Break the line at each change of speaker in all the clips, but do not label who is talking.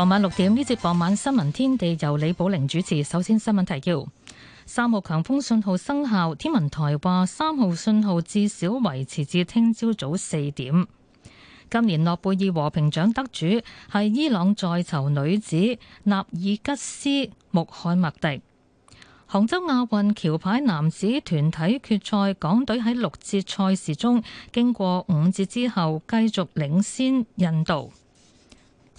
傍晚六點呢節傍晚新聞天地由李寶玲主持。首先新聞提要：三號強風信號生效，天文台話三號信號至少維持至聽朝早四點。今年諾貝爾和平獎得主係伊朗在囚女子納爾吉斯·穆罕默迪。杭州亞運橋牌男子團體決賽，港隊喺六節賽事中經過五節之後，繼續領先印度。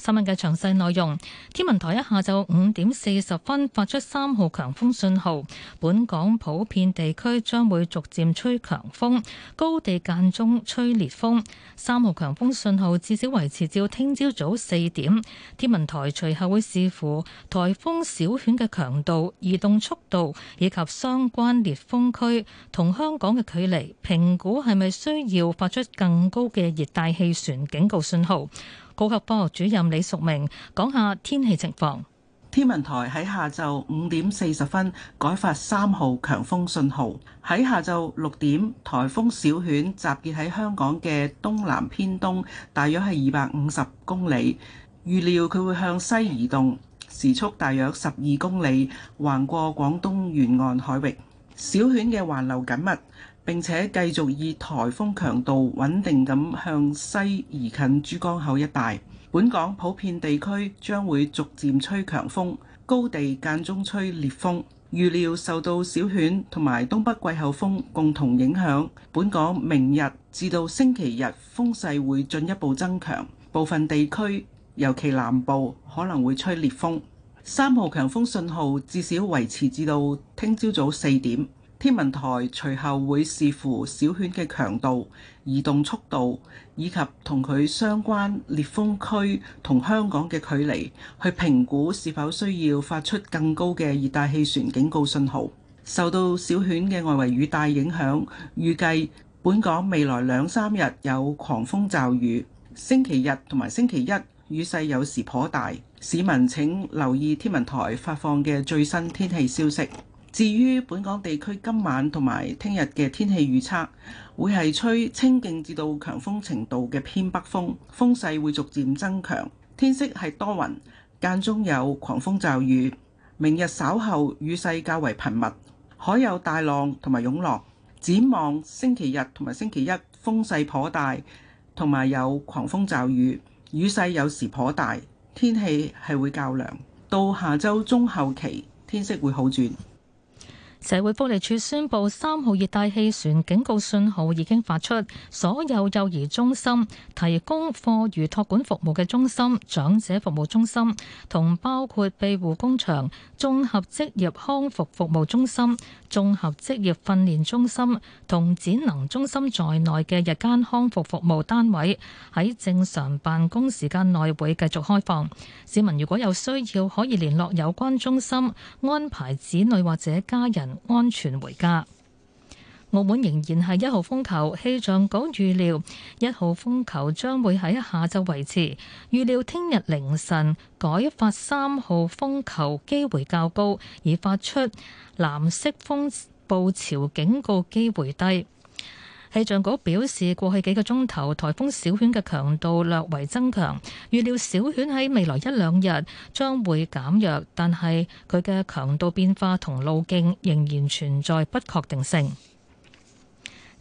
新聞嘅詳細內容，天文台一下晝五點四十分發出三號強風信號，本港普遍地區將會逐漸吹強風，高地間中吹烈風。三號強風信號至少維持至聽朝早四點。天文台隨後會視乎颱風小犬嘅強度、移動速度以及相關烈風區同香港嘅距離，評估係咪需要發出更高嘅熱帶氣旋警告信號。高級科學主任李淑明講下天氣情況。天
文台喺下晝五點四十分改發三號強風信號，喺下晝六點，颱風小犬集結喺香港嘅東南偏東，大約係二百五十公里，預料佢會向西移動，時速大約十二公里，橫過廣東沿岸海域。小犬嘅環流緊密。並且繼續以颱風強度穩定咁向西移近珠江口一帶，本港普遍地區將會逐漸吹強風，高地間中吹烈風。預料受到小犬同埋東北季候風共同影響，本港明日至到星期日風勢會進一步增強，部分地區尤其南部可能會吹烈風。三號強風信號至少維持至到聽朝早四點。天文台隨後會視乎小犬嘅強度、移動速度以及同佢相關烈風區同香港嘅距離，去評估是否需要發出更高嘅熱帶氣旋警告信號。受到小犬嘅外圍雨帶影響，預計本港未來兩三日有狂風驟雨，星期日同埋星期一雨勢有時頗大。市民請留意天文台發放嘅最新天氣消息。至於本港地區今晚同埋聽日嘅天氣預測，會係吹清勁至到強風程度嘅偏北風，風勢會逐漸增強。天色係多雲，間中有狂風驟雨。明日稍後雨勢較為頻密，海有大浪同埋湧浪。展望星期日同埋星期一風勢頗大，同埋有狂風驟雨，雨勢有時頗大。天氣係會較涼。到下周
中後期天色會好轉。社會福利署宣布，三號熱帶氣旋警告信號已經發出。所有幼兒中心、提供課餘托管服務嘅中心、長者服務中心，同包括庇護工場、綜合職業康復服務中心、綜合職業訓練中心同展能中心在內嘅日間康復服務單位，喺正常辦公時間內會繼續開放。市民如果有需要，可以聯絡有關中心安排子女或者家人安全回家。澳門仍然係一號風球，氣象局預料一號風球將會喺下晝維持，預料聽日凌晨改發三號風球機會較高，而發出藍色風暴潮警告機會低。氣象局表示，過去幾個鐘頭台風小犬嘅強度略為增強，預料小犬喺未來一兩日將會減弱，但係佢嘅強度變化同路徑仍然存在不確定性。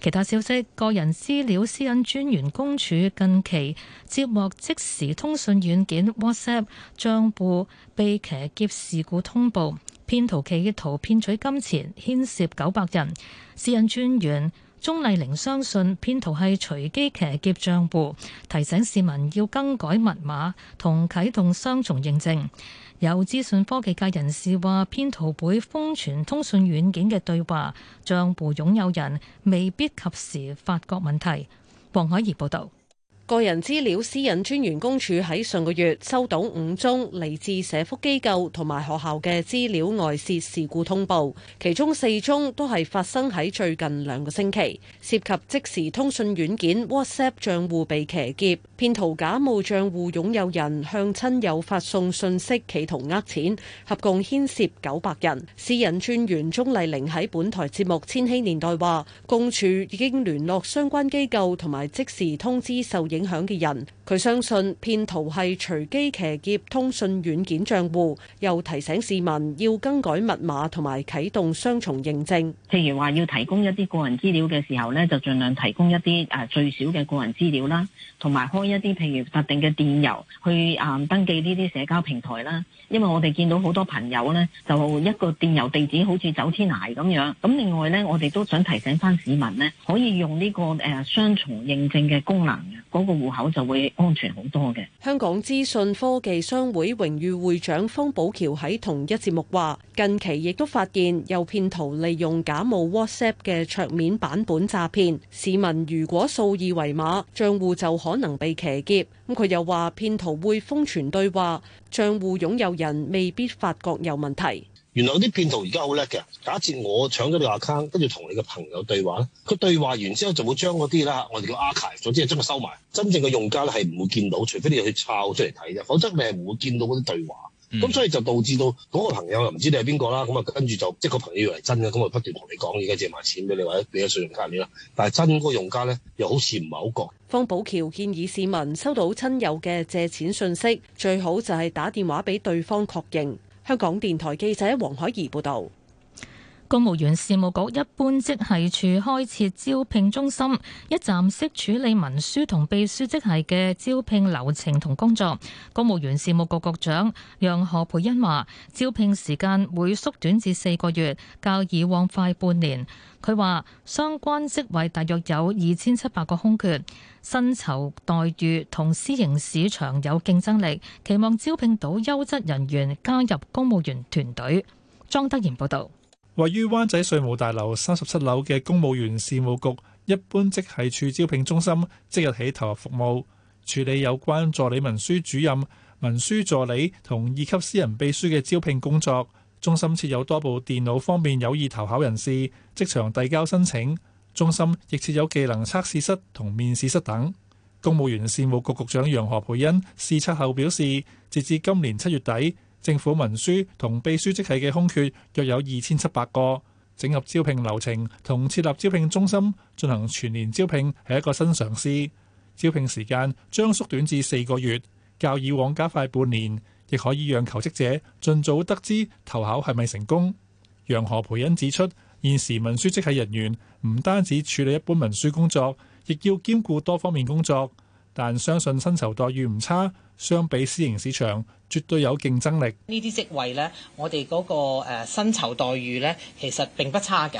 其他消息，個人資料私隱專員公署近期接獲即時通訊軟件 WhatsApp 賬戶被騎劫事故通報騙徒企圖騙取金錢牽涉九百人私隱專員。鍾麗玲相信騙徒係隨機騎劫帳戶，提醒市民要更改密碼同啟動雙重認證。有資訊科技界人士話，騙徒會封存通訊軟件嘅對話，帳戶擁有人未必及時發覺問題。黃海怡報導。個人資
料私隱專員公署喺上個月收到五宗嚟自社福機構同埋學校嘅資料外泄事故通報，其中四宗都係發生喺最近兩個星期，涉及即時通訊軟件 WhatsApp 賬戶被騎劫、騙徒假冒賬戶擁有人向親友發送信息企圖呃錢，合共牽涉九百人。私隱專員鍾麗玲喺本台節目《千禧年代》話，公署已經聯絡相關機構同埋即時通知受影影響嘅人，佢相信騙徒係隨機騎劫通訊軟件賬戶，又提醒市民要更改密碼同埋啟動雙重認證。譬如話要提供一啲個人資料嘅時候呢，就盡量提供一啲誒最少嘅個人資料啦，同埋開一啲
譬如特定嘅電郵去誒登記呢啲社交平台啦。因為我哋見到好多朋友呢，就一個電郵地址好似走天涯咁樣。咁另外呢，我哋都想提醒翻市民呢，可以用呢個誒雙重認證嘅功能個戶口就會
安全好多嘅。
香港資訊科技商會榮譽會長方寶橋喺同一節目話，近期亦都發現有騙徒利用假冒 WhatsApp 嘅桌面版本詐騙市民，如果掃二維碼，賬戶就可能被騎劫。咁佢又話，騙徒會封存對話，賬戶擁有人未必發覺
有問題。原來啲騙徒而家好叻嘅。假設我搶咗你 account，跟住同你嘅朋友對話咧，佢對話完之後就會將嗰啲啦，我哋叫 a r c h i v 總之係將佢收埋。真正嘅用家咧係唔會見到，除非你去抄出嚟睇啫，否則你係唔會見到嗰啲對話。咁、嗯、所以就導致到嗰個朋友又唔知你係邊個啦。咁啊，跟住就即、是、個朋友以為真嘅，咁啊不斷同你講而家借埋錢俾你或者俾咗信用卡入面啦。但係真嗰用家咧又好似唔係好講。
方寶橋建議市民收到親友嘅借錢信息，最好就係打電話俾對方確認。香港電台記者黃海怡報道。
公務員事務局一般職系處開設招聘中心，一站式處理文書同秘書職系嘅招聘流程同工作。公務員事務局局，局長楊何蓓茵話：招聘時間會縮短至四個月，較以往快半年。佢話相關職位大約有二千七百個空缺，薪酬待遇同私營市場有競爭力，期望招聘到優質人員加入公務員團
隊。莊德賢報道。位於灣仔稅務大樓三十七樓嘅公務員事務局一般職系處招聘中心即日起投入服務，處理有關助理文書主任、文書助理同二級私人秘書嘅招聘工作。中心設有多部電腦，方便有意投考人士即場遞交申請。中心亦設有技能測試室同面試室等。公務員事務局局，局長楊何培恩視察後表示，截至今年七月底。政府文書同秘書職系嘅空缺約有二千七百個，整合招聘流程同設立招聘中心進行全年招聘係一個新嘗試。招聘時間將縮短至四個月，較以往加快半年，亦可以讓求職者儘早得知投考係咪成功。楊何培恩指出，現時文書職系人員唔單止處理一般文書工作，亦要兼顧多方面工作，但相信薪酬待遇唔差，相比私營市場，絕對有競爭力。
呢啲職位咧，我哋，嗰個誒薪，呃、酬待遇咧，其實並不差嘅。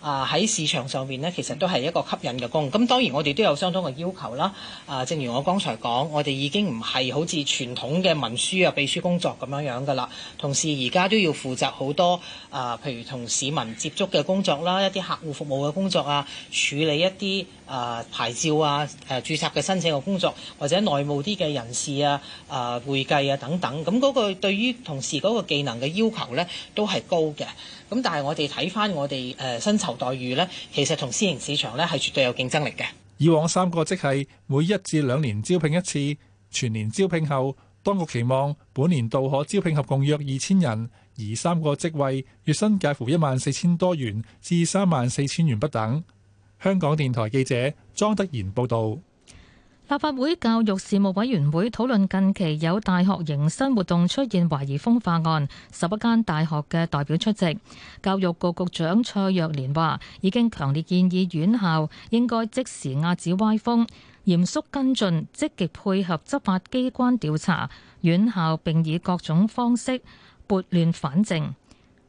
啊、呃，喺市場上面咧，其實都係一個吸引嘅工。咁、嗯、當然我哋都有相當嘅要求啦。啊、呃，正如我剛才講，我哋已經唔係好似傳統嘅文書啊，秘書工作咁樣樣噶啦。同時而家都要負責好多啊，呃，譬如同市民接觸嘅工作啦，一啲客戶服務嘅工作啊，處理一啲啊，呃、牌照啊、誒注冊嘅申請嘅工作，或者內務啲嘅人事啊，啊、呃、會計啊等等。咁嗰個對於同事嗰個技能嘅要求呢都係高嘅。咁但係我哋睇翻我哋誒薪酬待遇呢，其實同私營市場呢係絕對有競爭力嘅。
以往三個職系每一至兩年招聘一次，全年招聘後，當局期望本年度可招聘合共約二千人，而三個職位月薪介乎一萬四千多元至三萬四千元不等。香港電台記者莊德賢報道。
立法會教育事務委員會討論近期有大學迎新活動出現懷疑風化案，十一間大學嘅代表出席。教育局局長蔡若蓮話：已經強烈建議院校應該即時壓止歪風，嚴肅跟進，積極配合執法機關調查院校，並以各種方式撥亂反正。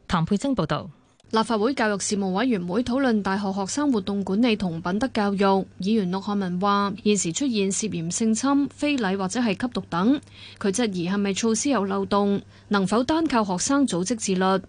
譚佩清報導。
立法會教育事務委員會討論大學學生活動管理同品德教育，議員陸漢文話：現時出現涉嫌性侵、非禮或者係吸毒等，佢質疑係咪措施有漏洞，能否單靠學生組織自律？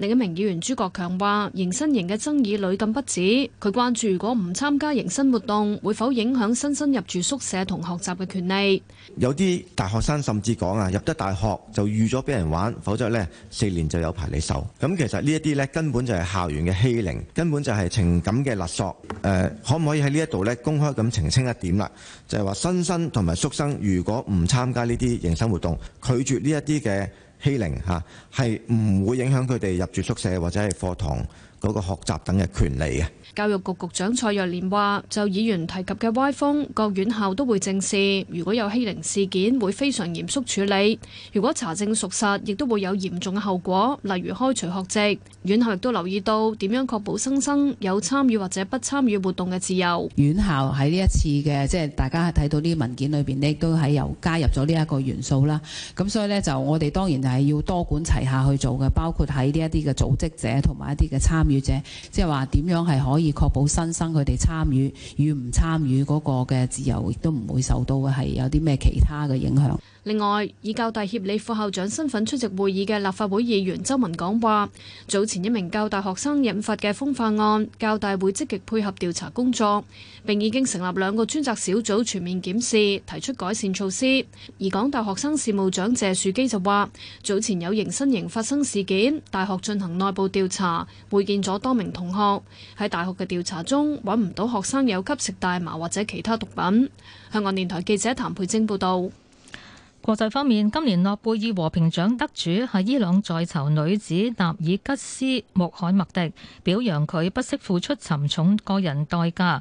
另一名議員朱國強話：迎新營嘅爭議屢禁不止，佢關注如果唔參加迎新活動，會否影響新生入住宿舍同學習嘅權利？
有啲大學生甚至講啊，入得大學就預咗俾人玩，否則呢四年就有排你受。咁其實呢一啲咧根本就係校園嘅欺凌，根本就係情感嘅勒索。誒、呃，可唔可以喺呢一度咧公開咁澄清一點啦？就係話新生同埋宿生如果唔參加呢啲迎新活動，拒絕呢一啲嘅欺凌吓，係唔會影響佢哋入住宿舍或者係課堂。嗰個學習等嘅權利嘅。
教育局局長蔡若蓮話：就議員提及嘅歪風，各院校都會正視。如果有欺凌事件，會非常嚴肅處理。如果查證屬實，亦都會有嚴重嘅後果，例如開除學籍。院校亦都留意到點樣確保新生有參與或者不參與活動嘅自由。
院校喺呢一次嘅即係大家睇到呢啲文件裏邊，亦都係由加入咗呢一個元素啦。咁所以呢，就我哋當然係要多管齊下去做嘅，包括喺呢一啲嘅組織者同埋一啲嘅參者即係話，點樣係可以確保新生佢哋參與與唔參與嗰個嘅自由，亦都唔會受到嘅，係有啲咩其他嘅影響。
另外，以教大協理副校長身份出席會議嘅立法會議員周文港話：早前一名教大學生引發嘅風化案，教大會積極配合調查工作，並已經成立兩個專責小組全面檢視，提出改善措施。而港大學生事務長謝樹基就話：早前有迎新營發生事件，大學進行內部調查，會見咗多名同學。喺大學嘅調查中，
揾唔到學生有吸食大麻或者其他毒品。香港電台記者譚佩晶報道。國際方面，今年諾貝爾和平獎得主係伊朗在囚女子納爾吉斯·穆罕默迪，表揚佢不惜付出沉重個人代價，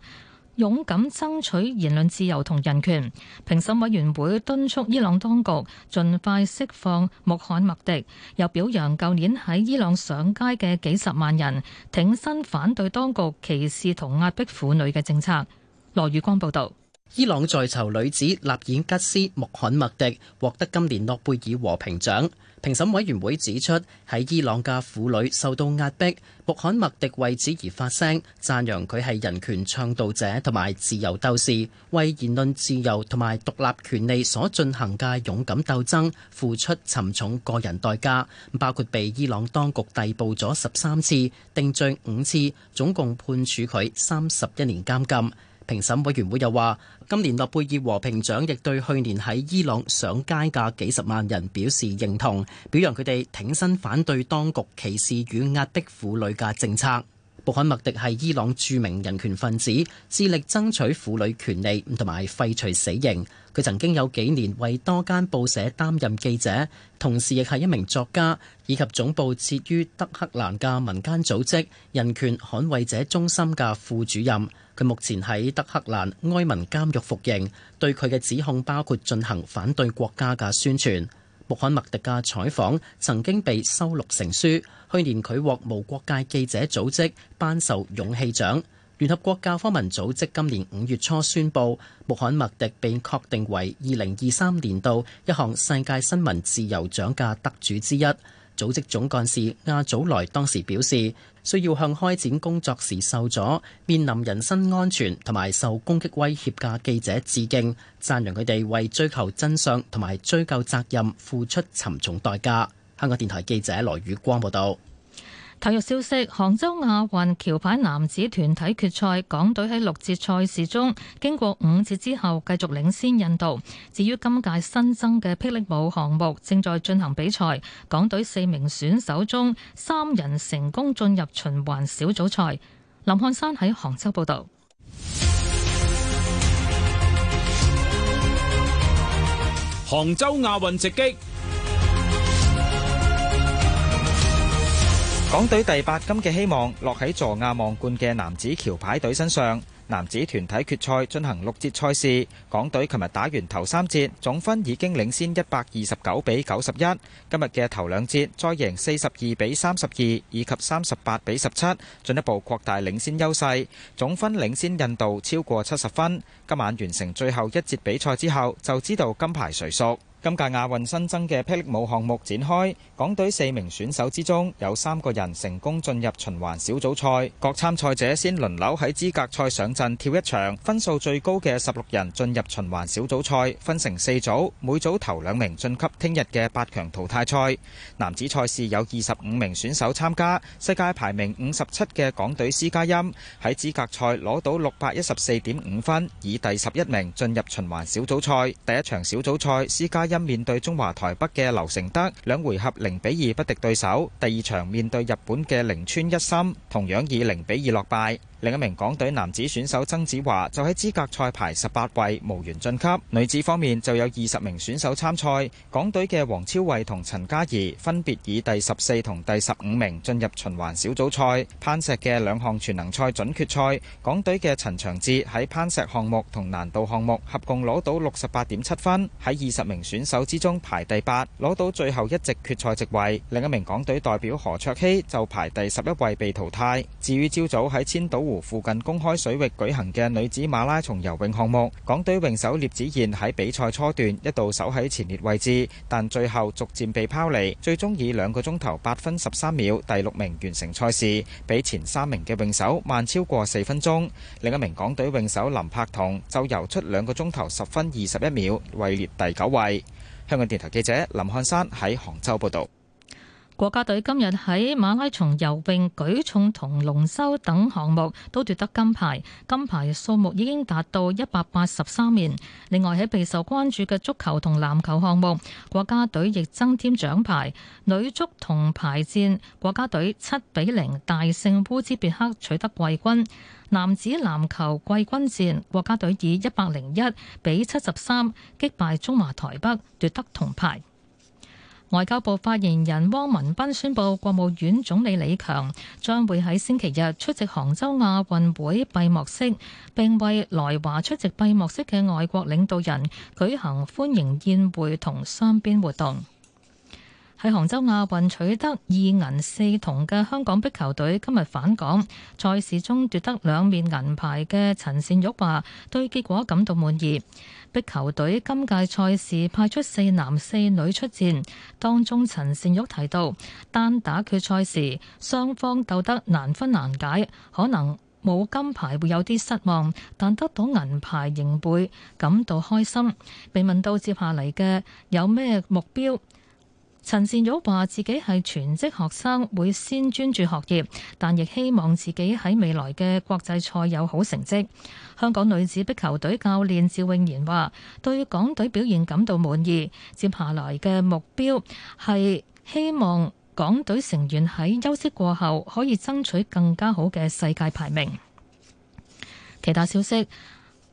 勇敢爭取言論自由同人權。評審委員會敦促伊朗當局盡快釋放穆罕默迪，又表揚舊年喺伊朗上街嘅幾十萬人挺身反對當局歧視同壓迫婦女嘅政策。羅宇光報道。
伊朗在囚女子納爾吉斯穆罕默迪獲得今年諾貝爾和平獎。評審委員會指出，喺伊朗嘅婦女受到壓迫，穆罕默迪為此而發聲，讚揚佢係人權倡導者同埋自由鬥士，為言論自由同埋獨立權利所進行嘅勇敢鬥爭，付出沉重個人代價，包括被伊朗當局逮捕咗十三次，定罪五次，總共判處佢三十一年監禁。評審委員會又話。今年諾貝爾和平獎亦對去年喺伊朗上街嘅幾十萬人表示認同，表揚佢哋挺身反對當局歧視與壓迫婦女嘅政策。布罕默迪係伊朗著名人權分子，致力爭取婦女權利同埋廢除死刑。佢曾經有幾年為多間報社擔任記者，同時亦係一名作家，以及總部設於德黑蘭嘅民間組織人權捍衞者中心嘅副主任。佢目前喺德克蘭埃文監獄服刑，對佢嘅指控包括進行反對國家嘅宣傳。穆罕默迪嘅採訪曾經被收錄成書，去年佢獲無國界記者組織頒授勇氣獎。聯合國教科文組織今年五月初宣布，穆罕默迪被確定為二零二三年度一項世界新聞自由獎嘅得主之一。組織總幹事亞祖萊當時表示。需要向開展工作時受阻、面臨人身安全同埋受攻擊威脅嘅記者致敬，讚揚佢哋為追求真相同埋追究責任付出沉重代價。香港電台記者羅宇光報道。
體育消息：杭州亞運橋牌男子團體決賽，港隊喺六節賽事中經過五節之後繼續領先印度。至於今屆新增嘅霹靂舞項目正在進行比賽，港隊四名選手中三人成功進入循環小組賽。林漢山喺杭州報道。
杭州亞運直擊。
港隊第八金嘅希望落喺坐亞望冠嘅男子橋牌隊身上。男子團體決賽進行六節賽事，港隊琴日打完頭三節，總分已經領先一百二十九比九十一。今日嘅頭兩節再贏四十二比三十二以及三十八比十七，進一步擴大領先優勢，總分領先印度超過七十分。今晚完成最後一節比賽之後，就知道金牌誰屬。今屆亞運新增嘅霹靂舞項目展開，港隊四名選手之中有三個人成功進入循環小組賽。各參賽者先輪流喺資格賽上陣跳一場，分數最高嘅十六人進入循環小組賽，分成四組，每組頭兩名晉級聽日嘅八強淘汰賽。男子賽事有二十五名選手參加，世界排名五十七嘅港隊施嘉欣喺資格賽攞到六百一十四點五分，以第十一名進入循環小組賽。第一場小組賽，施嘉因面對中華台北嘅劉承德，兩回合零比二不敵對手；第二場面對日本嘅零川一心，同樣以零比二落敗。另一名港隊男子選手曾子華就喺資格賽排十八位，無緣晉級。女子方面就有二十名選手參賽，港隊嘅黃超慧同陳嘉怡分別以第十四同第十五名進入循環小組賽。攀石嘅兩項全能賽準決賽，港隊嘅陳祥志喺攀石項目同難度項目合共攞到六十八點七分，喺二十名選手之中排第八，攞到最後一席決賽席位。另一名港隊代表何卓希就排第十一位被淘汰。至於朝早喺千島湖附近公開水域舉行嘅女子馬拉松游泳項目，港隊泳手聶子彥喺比賽初段一度守喺前列位置，但最後逐漸被拋離，最終以兩個鐘頭八分十三秒第六名完成賽事，比前三名嘅泳手慢超過四分鐘。另一名港隊泳手林柏彤就游出兩個鐘頭十分二十一秒，位列第九位。香港電台記者林漢山喺杭州報道。
國家隊今日喺馬拉松、游泳、舉重同龍舟等項目都奪得金牌，金牌數目已經達到一百八十三面。另外喺備受關注嘅足球同籃球項目，國家隊亦增添獎牌。女足銅牌戰國家隊七比零大勝烏茲別克，取得季軍。男子籃球季軍戰，國家隊以一百零一比七十三擊敗中華台北，奪得銅牌。外交部發言人汪文斌宣布，國務院總理李強將會喺星期日出席杭州亞運會閉幕式，並為來華出席閉幕式嘅外國領導人舉行歡迎宴會同雙邊活動。喺杭州亞運取得二銀四銅嘅香港壁球隊今日返港，賽事中奪得兩面銀牌嘅陳善玉話對結果感到滿意。壁球隊今屆賽事派出四男四女出戰，當中陳善玉提到單打決賽時雙方鬥得難分難解，可能冇金牌會有啲失望，但得到銀牌仍會感到開心。被問到接下嚟嘅有咩目標？陳善玉話自己係全職學生，會先專注學業，但亦希望自己喺未來嘅國際賽有好成績。香港女子壁球隊教練趙詠賢話，對港隊表現感到滿意。接下來嘅目標係希望港隊成員喺休息過後可以爭取更加好嘅世界排名。其他消息。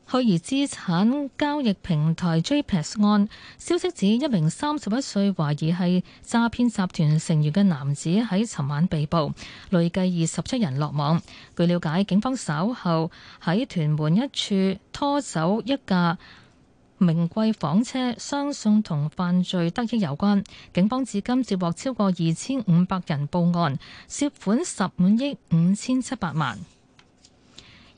虛擬資產交易平台 JPEX 案，消息指一名三十一歲懷疑係詐騙集團成員嘅男子喺尋晚被捕，累計二十七人落網。據了解，警方稍後喺屯門一處拖走一架名貴房車，相信同犯罪得益有關。警方至今接獲超過二千五百人報案，涉款十五億五千七百萬。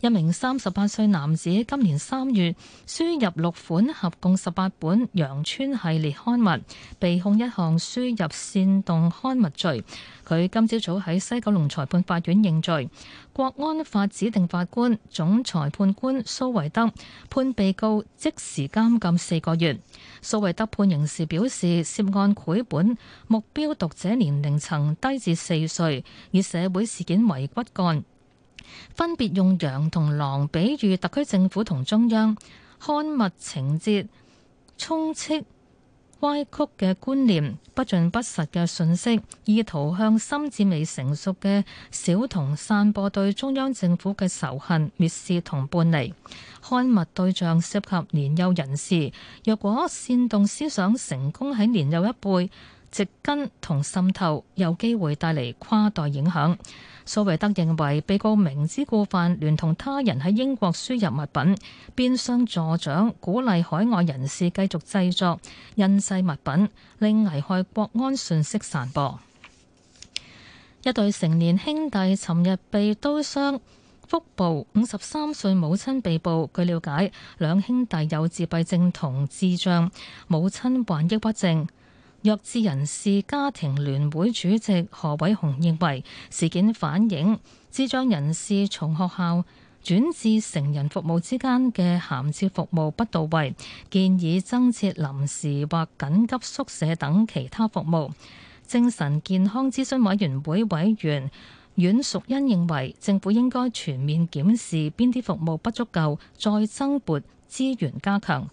一名三十八歲男子今年三月輸入六款合共十八本《羊村》系列刊物，被控一項輸入煽動刊物罪。佢今朝早喺西九龍裁判法院認罪。國安法指定法官總裁判官蘇維德判被告即時監禁四個月。蘇維德判刑時表示，涉案繪本目標讀者年齡層低至四歲，以社會事件為骨幹。分別用羊同狼比喻特區政府同中央，刊物情節充斥歪曲嘅觀念、不盡不實嘅信息，意圖向心智未成熟嘅小童散播對中央政府嘅仇恨、蔑視同叛離。刊物對象涉及年幼人士，若果煽動思想成功喺年幼一輩植根同滲透，有機會帶嚟跨代影響。蘇維德認為，被告明知故犯，聯同他人喺英國輸入物品，變相助長，鼓勵海外人士繼續製作印製物品，令危害國安信息散播。一對成年兄弟尋日被刀傷腹部，五十三歲母親被捕。據了解，兩兄弟有自閉症同智障，母親患抑鬱症。弱智人士家庭聯會主席何偉雄認為，事件反映智障人士從學校轉至成人服務之間嘅銜接服務不到位，建議增設臨時或緊急宿舍等其他服務。精神健康諮詢委員會委員阮淑欣認為，政府應該全面檢視邊啲服務不足夠，再增撥資源加強。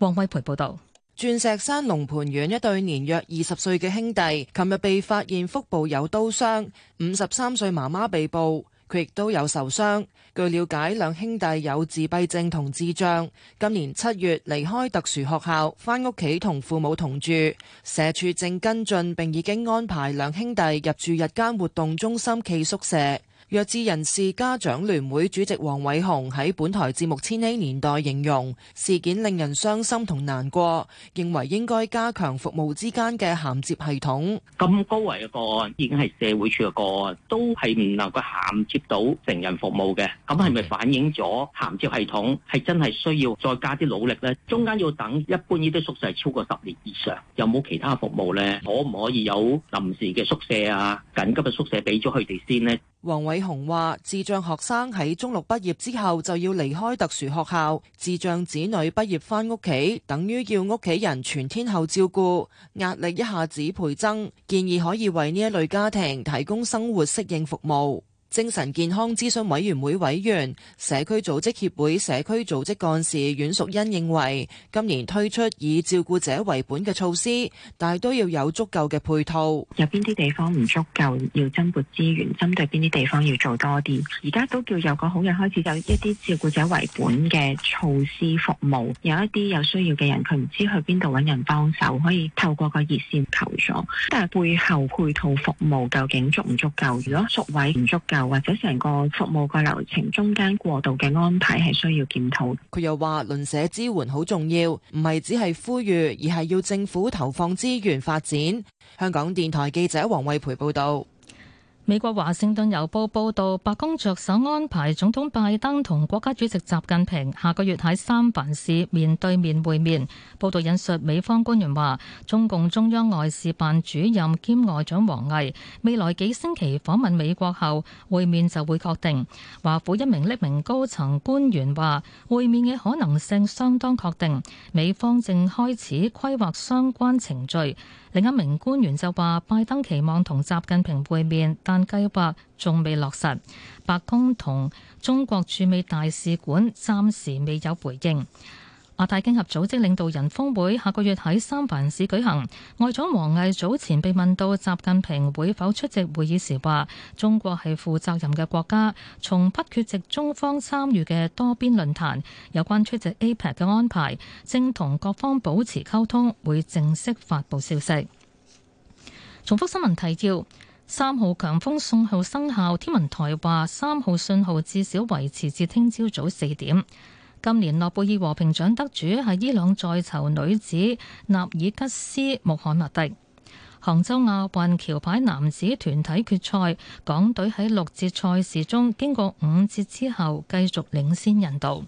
王惠培報道。
鑽石山龍盤園一對年約二十歲嘅兄弟，琴日被發現腹部有刀傷，五十三歲媽媽被捕，佢亦都有受傷。據了解，兩兄弟有自閉症同智障，今年七月離開特殊學校，返屋企同父母同住。社署正跟進，並已經安排兩兄弟入住日間活動中心暨宿舍。弱智人士家長聯會主席黃偉雄喺本台節目《千禧年代》形容事件令人傷心同難過，認為應該加強服務之間嘅銜接系統。
咁高危嘅個案已經係社會處嘅個案，都係唔能夠銜接到成人服務嘅。咁係咪反映咗銜接系統係真係需要再加啲努力咧？中間要等一般呢啲宿舍超過十年以上，有冇其他服務咧？可唔可以有臨時嘅宿舍啊，緊急嘅宿舍俾咗佢哋先呢？
黃偉雄話，智障學生喺中六畢業之後就要離開特殊學校，智障子女畢業返屋企，等於要屋企人全天候照顧，壓力一下子倍增。建議可以為呢一類家庭提供生活適應服務。精神健康諮詢委員會委員、社區組織協會社區組織幹事阮淑欣認為，今年推出以照顧者為本嘅措施，但係都要有足夠嘅配套。
有邊啲地方唔足夠，
要增撥資源，針對邊啲地方要做多啲。而家都叫有個好嘅開始，有一啲照顧者為本嘅措施服務，有一啲有需要嘅人，佢唔知去邊度揾
人幫手，可以透過個熱線求助，但係背後配套服務究竟足唔足夠？如果屬位唔足夠？或者成個服務個流程中間過渡嘅
安排係需要檢討，佢又話鄰舍支援好重要，唔係只係呼籲，而
係要政府投放資源發展。香港電台記者黃慧培報道。美國華盛頓郵報報道，白宮着手安排總統拜登同國家主席習近平下個月喺三藩市面對面會面。報道引述美方官員話，中共中央外事辦主任兼外長王毅未來幾星期訪問美國後，會面就會確定。華府一名匿名高層官員話，會面嘅可能性相當確定，美方正開始規劃相關程序。另一名官員就話，拜登期望同習近平會面，但計劃仲未落實。白宮同中國駐美大使館暫時未有回應。亞太經合組織領導人峰會下個月喺三藩市舉行。外長王毅早前被問到習近平會否出席會議時，話中國係負責任嘅國家。從不缺席中方參與嘅多邊論壇，有關出席 APEC 嘅安排，正同各方保持溝通，會正式發布消息。重複新聞提要：三號強風信號生效，天文台話三號信號至少維持至聽朝早四點。今年諾貝爾和平獎得主係伊朗在囚女子納爾吉斯·穆罕默迪。杭州亞運橋牌男子團體決賽，港隊喺六節賽事中經過五節之後，繼續領先印度。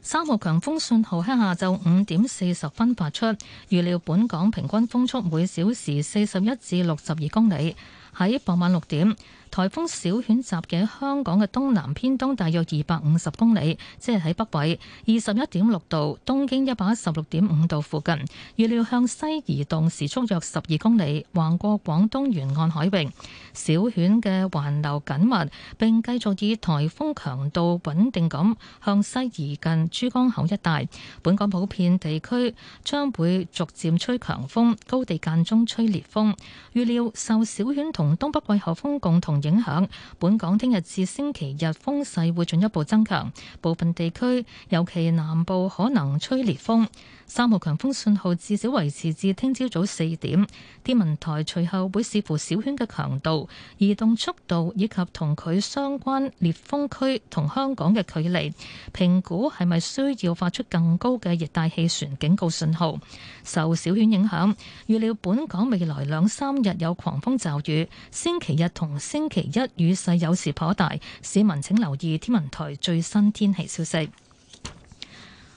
三號強風信號喺下晝五點四十分發出，預料本港平均風速每小時四十一至六十二公里。喺傍晚六點，颱風小犬襲嘅香港嘅東南偏東大約二百五十公里，即係喺北緯二十一點六度，東經一百一十六點五度附近。預料向西移動時速約十二公里，橫過廣東沿岸海域。小犬嘅環流緊密，並繼續以颱風強度穩定咁向西移近珠江口一帶。本港普遍地區將會逐漸吹強風，高地間中吹烈風，預料受小犬同東北季候風共同。影響本港聽日至星期日風勢會進一步增強，部分地區尤其南部可能吹烈風。三號強風信號至少維持至聽朝早四點。天文台隨後會視乎小犬嘅強度、移動速度以及同佢相關烈風區同香港嘅距離，評估係咪需要發出更高嘅熱帶氣旋警告信號。受小犬影響，預料本港未來兩三日有狂風驟雨。星期日同星期一雨勢有時頗大，市民請留意天文台最新天氣消息。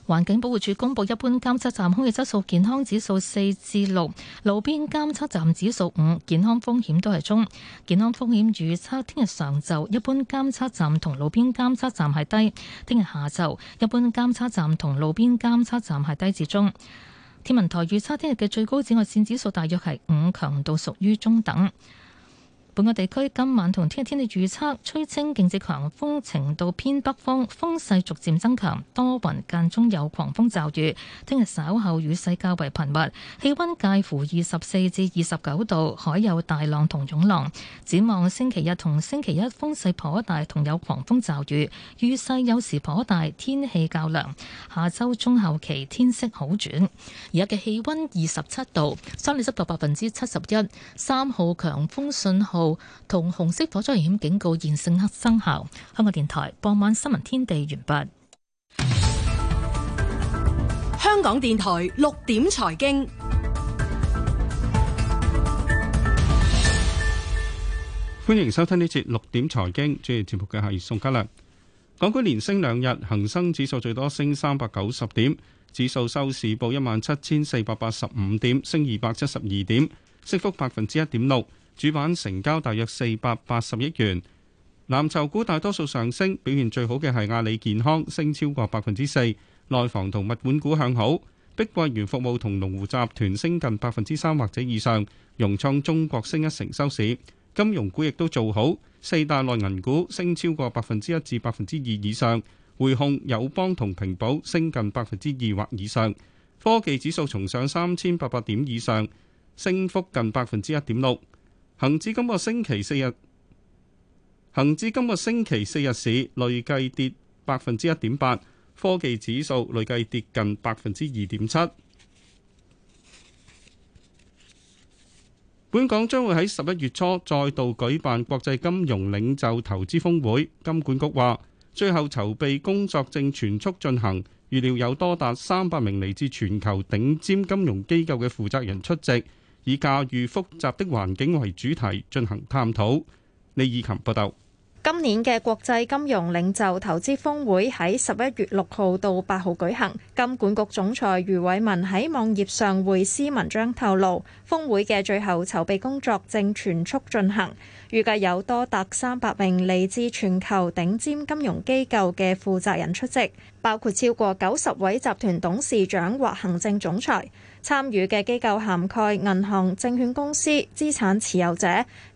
環境保護署公布一般監測站空氣質素健康指數四至六，路邊監測站指數五，健康風險都係中。健康風險預測：聽日上晝一般監測站同路邊監測站係低；聽日下晝一般監測站同路邊監測站係低至中。天文台預測聽日嘅最高紫外線指數大約係五，強度屬於中等。本港地區今晚同聽日天氣預測，吹清勁至強風程度偏北風，風勢逐漸增強，多雲間中有狂風驟雨。聽日稍後雨勢較為頻密，氣溫介乎二十四至二十九度，海有大浪同湧浪。展望星期日同星期一風勢頗大，同有狂風驟雨，雨勢有時頗大，天氣較涼。下周中後期天色好轉。而家嘅氣溫二十七度，相對濕度百分之七十一，三號強風信號。同紅色火災險警告現黑生效。香港電台傍晚新聞天地完畢。香港電台六點
財經，財
經歡迎收聽呢節六點財經。主持節目嘅係宋嘉良。港股連升兩日，恒生指數最多升三百九十點，指數收市報一萬七千四百八十五點，升二百七十二點，升幅百分之一點六。主板成交大約四百八十億元，藍籌股大多數上升，表現最好嘅係阿里健康，升超過百分之四。內房同物管股向好，碧桂園服務同龍湖集團升近百分之三或者以上。融創中國升一成收市。金融股亦都做好，四大內銀股升超過百分之一至百分之二以上。匯控、友邦同平保升近百分之二或以上。科技指數重上三千八百點以上，升幅近百分之一點六。行至今個星期四日，行至今個星期四日市累計跌百分之一點八，科技指數累計跌近百分之二點七。本港將會喺十一月初再度舉辦國際金融領袖投資峰會，金管局話，最後籌備工作正全速進行，預料有多達三百名嚟自全球頂尖金融機構嘅負責人出席。以駕馭複雜的環境為主題進行探討。李以琴報道，
今年嘅國際金融領袖投資峰會喺十一月六號到八號舉行。金管局總裁余偉文喺網頁上匯思文章透露，峰會嘅最後籌備工作正全速進行，預計有多達三百名嚟自全球頂尖金融機構嘅負責人出席，包括超過九十位集團董事長或行政總裁。參與嘅機構涵蓋銀行、證券公司、資產持有者、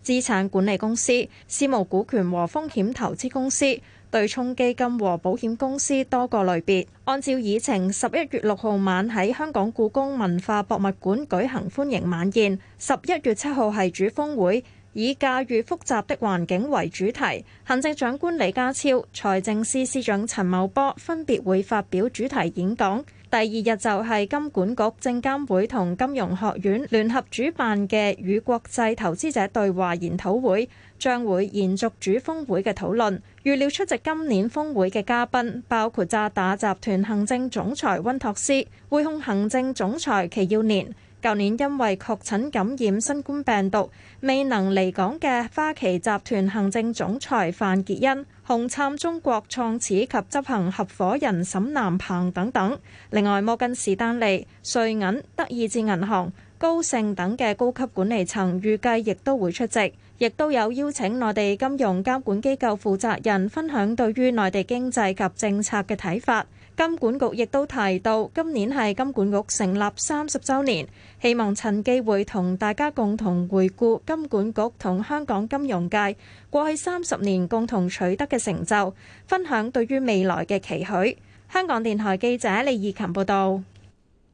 資產管理公司、私募股權和風險投資公司、對沖基金和保險公司多個類別。按照議程，十一月六號晚喺香港故宮文化博物館舉行歡迎晚宴，十一月七號係主峰會，以駕馭複雜的環境為主題。行政長官李家超、財政司司長陳茂波分別會發表主題演講。第二日就係金管局、證監會同金融學院聯合主辦嘅與國際投資者對話研討會，將會延續主峰會嘅討論。預料出席今年峰會嘅嘉賓包括渣打集團行政總裁温托斯、匯控行政總裁祁耀年，舊年因為確診感染新冠病毒未能離港嘅花旗集團行政總裁范潔恩。紅杉中國創始及執行合夥人沈南鵬等等，另外摩根士丹利、瑞銀、德意志銀行、高盛等嘅高級管理層預計亦都會出席，亦都有邀請內地金融監管機構負責人分享對於內地經濟及政策嘅睇法。金管局亦都提到，今年係金管局成立三十周年，希望趁機會同大家共同回顧金管局同香港金融界過去三十年共同取得嘅成就，分享對於未來嘅期許。香港電台記者李義琴報道。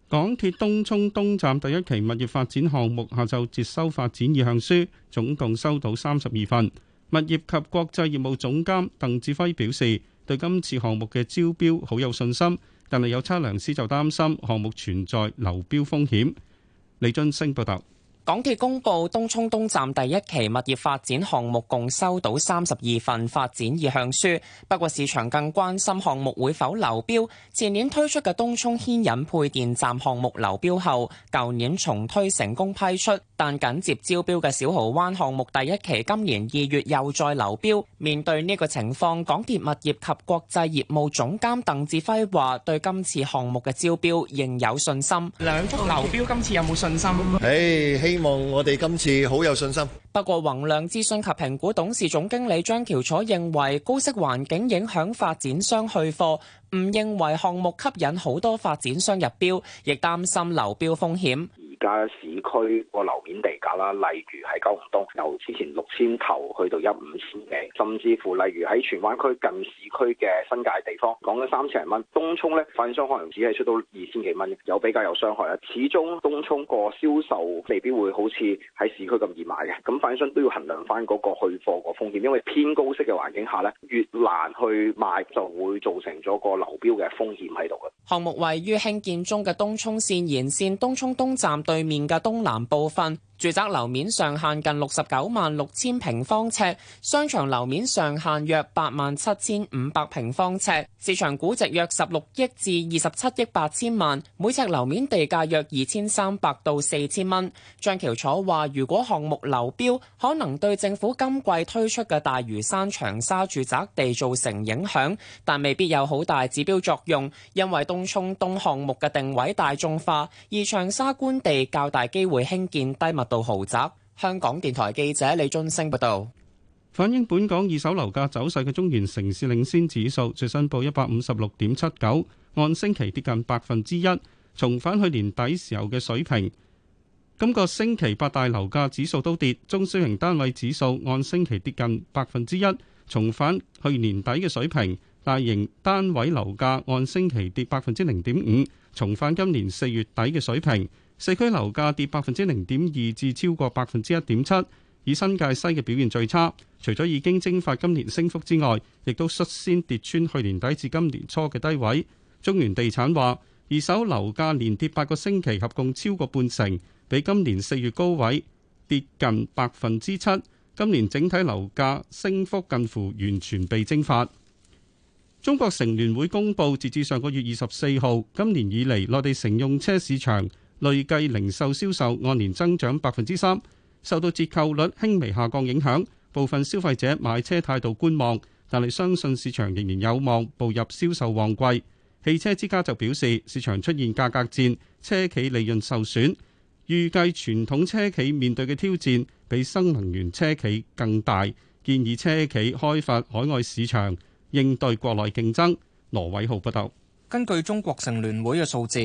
港鐵東涌東站第一期物業發展項目下晝接收發展意向書，總共收到三十二份。物業及國際業務總監鄧志輝表示。對今次項目嘅招標好有信心，但係有測量師就擔心項目存在流標風險。李俊升報道。港鐵公布
東涌東站第一期物業發展項目共收到三十二份發展意向書，不過市場更關心項目會否流標。前年推出嘅東涌牽引配電站項目流標後，舊年重推成功批出，但緊接招標嘅小蠔灣項目第一期今年二月又再流標。面對呢個情況，港鐵物業及國際業務總監鄧志輝話：對今次項目嘅招標仍有信心。兩幅流標今次有冇信心？Hey, hey. 希望我哋今次好有信心。不過宏亮資訊及評估董事總經理張喬楚認為高息環境影響發展商去貨，唔認為項目吸引好多發展商入標，亦擔心流標風險。
市區個樓面地價啦，例如係九龍東，由之前六
千頭去到一五千幾，甚至乎例如喺荃灣區近市區嘅新界地方，講緊三千零蚊。東涌咧，發展商可能只係出到二千幾蚊，有比較有傷害啦。始終東涌個銷售未必會好似喺市區咁易買嘅，咁發展商都要衡量翻
嗰個去貨個風險，因為偏高息嘅環境下咧，越難去賣就會造成咗個流標嘅風險喺度嘅。
項目位於興建中嘅東涌線延線東涌東站。對面嘅東南部分。住宅樓面上限近六十九萬六千平方尺，商場樓面上限約八萬七千五百平方尺，市場估值約十六億至二十七億八千萬，每尺樓面地價約二千三百到四千蚊。張橋楚話：如果項目流標可能對政府今季推出嘅大嶼山長沙住宅地造成影響，但未必有好大指標作用，因為東涌東項目嘅定位大眾化，而長沙官地較大機會興建低密到豪宅。香港電台記者李俊升報
道，反映本港二手樓價走勢嘅中原城市領先指數最新報一百五十六點七九，按星期跌近百分之一，重返去年底時候嘅水平。今個星期八大樓價指數都跌，中小型單位指數按星期跌近百分之一，重返去年底嘅水平；大型單位樓價按星期跌百分之零點五，重返今年四月底嘅水平。四區樓價跌百分之零點二至超過百分之一點七，以新界西嘅表現最差。除咗已經蒸發今年升幅之外，亦都率先跌穿去年底至今年初嘅低位。中原地產話，二手樓價連跌八個星期，合共超過半成，比今年四月高位跌近百分之七。今年整體樓價升幅近乎完全被蒸發。中國成聯會公布，截至上個月二十四號，今年以嚟內地乘用車市場，累計零售銷售按年增長百分之三，受到折扣率輕微下降影響，部分消費者買車態度觀望，但係相信市場仍然有望步入銷售旺季。汽車之家就表示，市場出現價格戰，車企利潤受損，預計傳統車企面對嘅挑戰比新能源車企更大，建議車企開發海外市場，應對國內競爭。羅偉浩報道。
根據中國乘聯會嘅數字，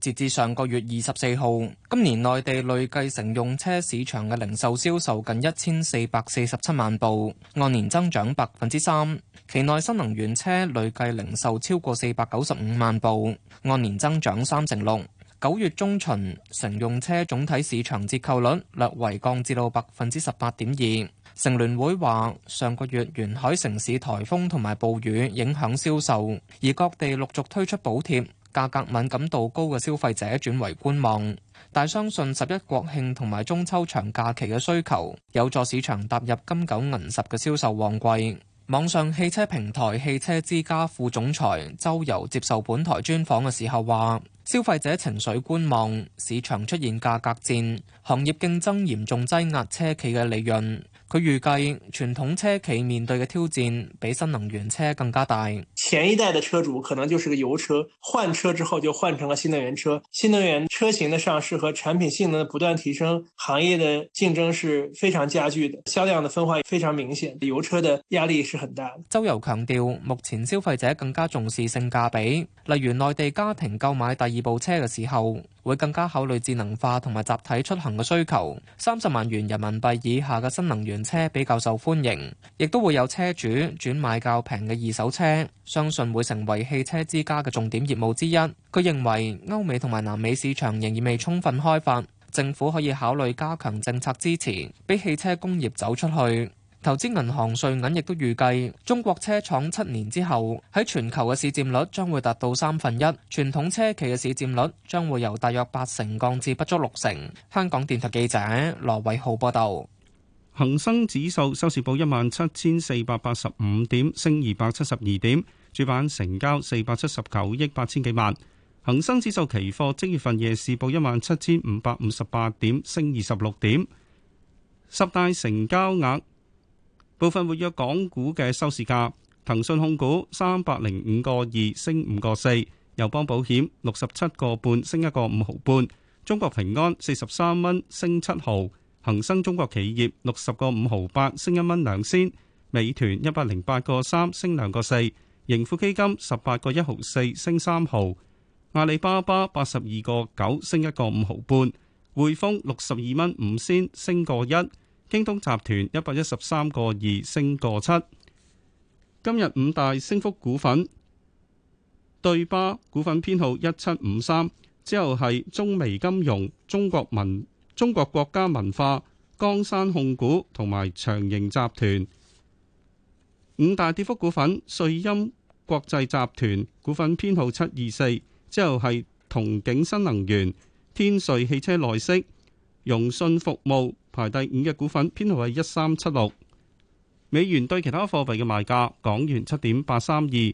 截至上個月二十四號，今年內地累計乘用車市場嘅零售銷售近一千四百四十七萬部，按年增長百分之三。期內新能源車累計零售超過四百九十五萬部，按年增長三成六。九月中旬，乘用車總體市場折扣率略為降至到百分之十八點二。成聯會話上個月沿海城市台風同埋暴雨影響銷售，而各地陸續推出補貼，價格敏感度高嘅消費者轉為觀望。但相信十一國慶同埋中秋長假期嘅需求有助市場踏入金九銀十嘅銷售旺季。網上汽車平台汽車之家副總裁周遊接受本台專訪嘅時候話，消費者情緒觀望，市場出現價格戰，行業競爭嚴重擠壓車企嘅利潤。佢預計傳統車企面對嘅挑戰比新能源車更加大。
前一代嘅車主可能就是個油車，換車之後就換成了新能源車。新能源車型嘅上市和產品性能不斷提升，行業嘅競爭是非常加劇嘅，銷量嘅分化也非常明顯，油車嘅壓力是很大。
周遊強調，目前消費者更加重視性價比，例如內地家庭購買第二部車嘅時候，會更加考慮智能化同埋集體出行嘅需求。三十萬元人民幣以下嘅新能源車比較受歡迎，亦都會有車主轉買較平嘅二手車，相信會成為汽車之家嘅重點業務之一。佢認為歐美同埋南美市場仍然未充分開發，政府可以考慮加強政策支持，俾汽車工業走出去。投資銀行瑞銀亦都預計，中國車廠七年之後喺全球嘅市占率將會達到三分一，傳統車企嘅市占率將會由大約八成降至
不足六成。香港電台記者羅偉浩報道。恒生指數收市報一萬七千四百八十五點，升二百七十二點，主板成交四百七十九億八千幾萬。恒生指數期貨即月份夜市報一萬七千五百五十八點，升二十六點。十大成交額部分活躍港股嘅收市價：騰訊控股三百零五個二，升五個四；友邦保險六十七個半，升一個五毫半；中國平安四十三蚊，升七毫。恒生中國企業六十個五毫八，升一蚊兩仙美團一百零八個三，升兩個四，盈富基金十八個一毫四，升三毫，阿里巴巴八十二個九，升一個五毫半，匯豐六十二蚊五仙，升個一，京東集團一百一十三個二，升個七。今日五大升幅股份，對巴股份編號一七五三，之後係中微金融、中國民。中國國家文化、江山控股同埋長盈集團五大跌幅股份，瑞音國際集團股份編號七二四，之後係同景新能源、天瑞汽車內飾、融信服務排第五嘅股份編號係一三七六。美元對其他貨幣嘅賣價：港元七點八三二，日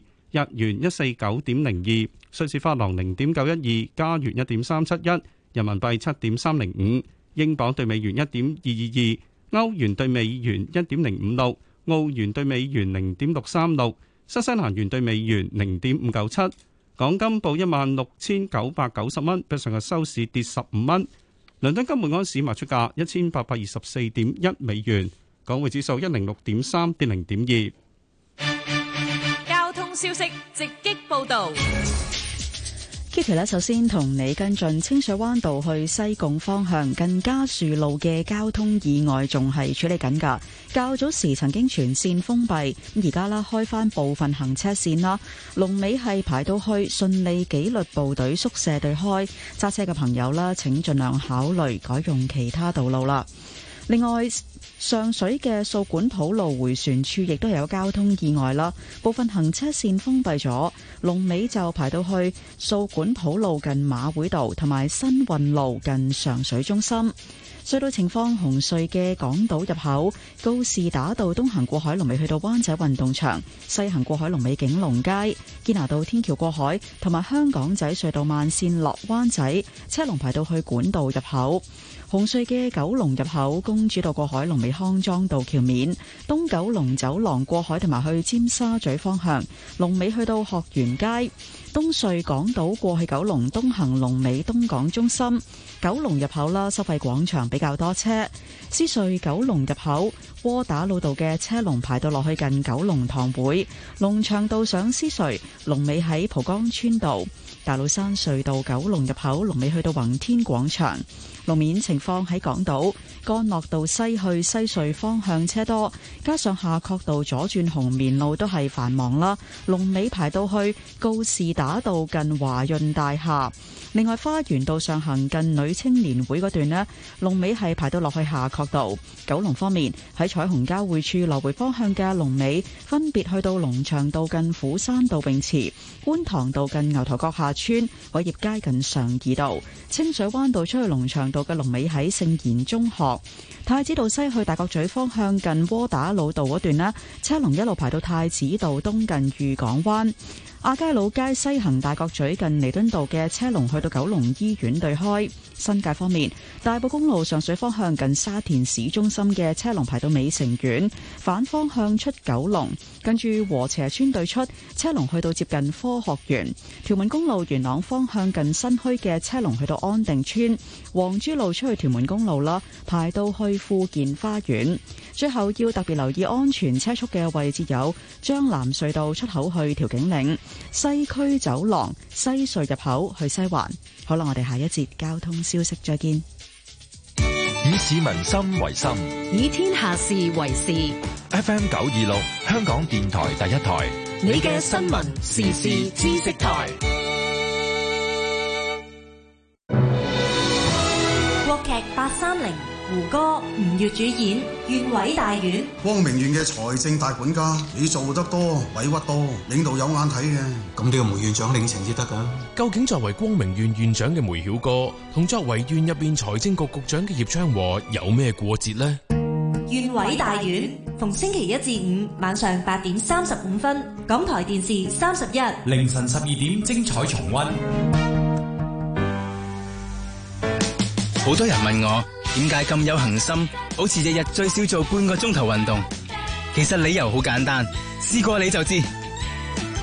元一四九點零二，瑞士法郎零點九一二，加元一點三七一，人民幣七點三零五。英鎊兌美元一點二二二，歐元兌美元一點零五六，澳元兌美元零點六三六，新西蘭元兌美元零點五九七。港金報一萬六千九百九十蚊，比上日收市跌十五蚊。倫敦金每盎司賣出價一千八百二十四點一美元，港匯指數一零六點三，跌零點二。
交通消息直擊報道。
呢條呢，首先同你跟進清水灣道去西貢方向近嘉樹路嘅交通意外，仲係處理緊㗎。較早時曾經全線封閉，咁而家啦開翻部分行車線啦。龍尾係排到去順利紀律部隊宿舍對開，揸車嘅朋友啦，請盡量考慮改用其他道路啦。另外。上水嘅掃管埔路迴旋處亦都有交通意外啦，部分行車線封閉咗，龍尾就排到去掃管埔路近馬會道同埋新運路近上水中心。隧道情況：紅隧嘅港島入口告士打道東行過海龍尾去到灣仔運動場，西行過海龍尾景隆街；堅拿道天橋過海同埋香港仔隧道慢綫落灣仔，車龍排到去管道入口。紅隧嘅九龍入口公主道過海龍尾康莊道橋面，東九龍走廊過海同埋去尖沙咀方向，龍尾去到學園街。東隧港島過去九龍東行龍尾東港中心九龍入口啦，收費廣場比較多車。獅隧九龍入口窩打老道嘅車龍排到落去近九龍塘會，龍翔道上獅隧龍尾喺蒲崗村道，大老山隧道九龍入口龍尾去到宏天廣場。路面情況喺港島干諾道西去西隧方向車多，加上夏慤道左轉紅棉路都係繁忙啦，龍尾排到去告士打道近華潤大廈。另外，花園道上行近女青年會嗰段呢，龍尾係排到落去夏慤道。九龍方面，喺彩虹交匯處來回方向嘅龍尾分別去到龍翔道近斧山道泳池、觀塘道近牛頭角下村、偉業街近常怡道、清水灣道出去龍翔道嘅龍尾喺聖賢中學、太子道西去大角咀方向近窩打老道嗰段呢，車龍一路排到太子道東近御港灣。亞皆老街西行大角咀近彌敦道嘅車龍去到九龍醫院對開；新界方面，大埔公路上水方向近沙田市中心嘅車龍排到美城苑；反方向出九龍，跟住禾輋村對出，車龍去到接近科學園；屯門公路元朗方向近新墟嘅車龍去到安定村；黃珠路出去屯門公路啦，排到去富健花園。最後要特別留意安全車速嘅位置有將藍隧道出口去調景嶺。西區走廊西隧入口去西環，好啦，我哋下一節交通消息再
見。
以市民心為心，
以天下事為事。
F M 九二六，香港電台第一台，
你嘅新聞時事知識台，國劇八三零。胡歌、吳越主演《縣委大院》，光明縣嘅財政大管家，你做得多委屈多，領導有眼睇嘅，咁呢
個梅縣長領情至得噶。究竟作為光明縣縣長嘅梅曉哥，同作為縣入邊財政局局長嘅葉昌和，有咩過節呢？
縣委大院逢星期一至五晚上八點三十五分，港台電視三十一，
凌晨十二點精彩重溫。好多人問我。點解咁有恆心？保持日日最少做半個鐘頭運動，其實理由好簡單，試過你就知。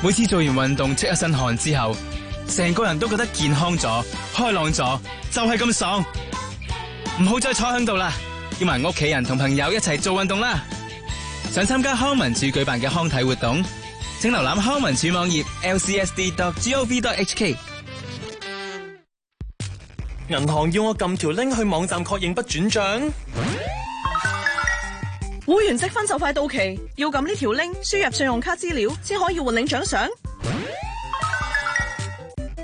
每次做完運動出一身汗之後，成個人都覺得健康咗、開朗咗，就係、是、咁爽。唔好再坐響度啦，叫埋屋企人同朋友一齊做運動啦。想參加康文署舉，舉辦嘅康體活動，請瀏覽康文署網頁
lcsd.gov.hk。銀行要我撳條 link 去網站確認不轉賬，
會員積分就快到期，要撳呢條 link 輸入信用卡資料先可以換領獎賞。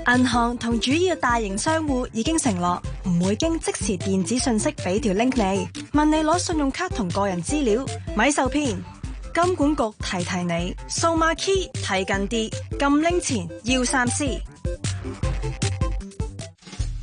銀行同主要大型商戶已經承諾唔會經即時電子信息，俾條 link 你，問你攞信用卡同個人資料，咪受騙？金管局提提你，數碼 key 提近啲，撳 link 前要三思。